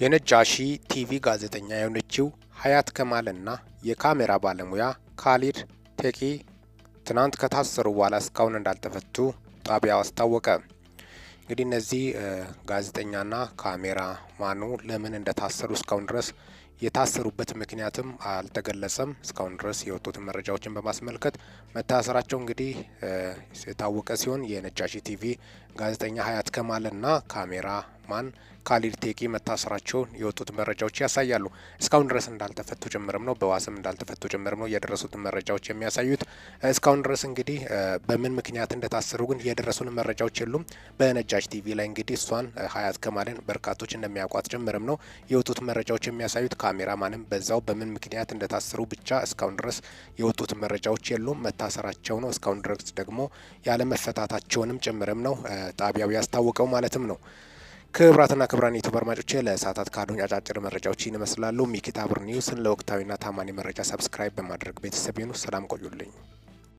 የነጃሺ ቲቪ ጋዜጠኛ የሆነችው ሀያት ከማልና የካሜራ ባለሙያ ካሊድ ቴቂ ትናንት ከታሰሩ በኋላ እስካሁን እንዳልተፈቱ ጣቢያው አስታወቀ። እንግዲህ እነዚህ ጋዜጠኛና ካሜራ ማኑ ለምን እንደታሰሩ እስካሁን ድረስ የታሰሩበት ምክንያትም አልተገለጸም። እስካሁን ድረስ የወጡትን መረጃዎችን በማስመልከት መታሰራቸው እንግዲህ የታወቀ ሲሆን የነጃሺ ቲቪ ጋዜጠኛ ሀያት ከማልና ካሜራ ሉቅማን ካሊድ ቴቂ መታሰራቸውን የወጡት መረጃዎች ያሳያሉ። እስካሁን ድረስ እንዳልተፈቱ ጭምርም ነው፣ በዋስም እንዳልተፈቱ ጭምርም ነው የደረሱት መረጃዎች የሚያሳዩት። እስካሁን ድረስ እንግዲህ በምን ምክንያት እንደታሰሩ ግን የደረሱን መረጃዎች የሉም። በነጃጅ ቲቪ ላይ እንግዲህ እሷን ሀያት ከማለን በርካቶች እንደሚያውቋት ጭምርም ነው የወጡት መረጃዎች የሚያሳዩት። ካሜራማንም በዛው በምን ምክንያት እንደታሰሩ ብቻ እስካሁን ድረስ የወጡት መረጃዎች የሉም። መታሰራቸው ነው እስካሁን ድረስ ደግሞ ያለመፈታታቸውንም ጭምርም ነው ጣቢያው ያስታወቀው ማለትም ነው። ክብራትና ክብራን ዩቱብ አድማጮቼ ለሰዓታት ካሉኝ አጫጭር መረጃዎች ይመስላሉ። ሚኪታብር ኒውስን ለወቅታዊና ታማኒ መረጃ ሰብስክራይብ በማድረግ ቤተሰብ ይሁኑ። ሰላም ቆዩልኝ።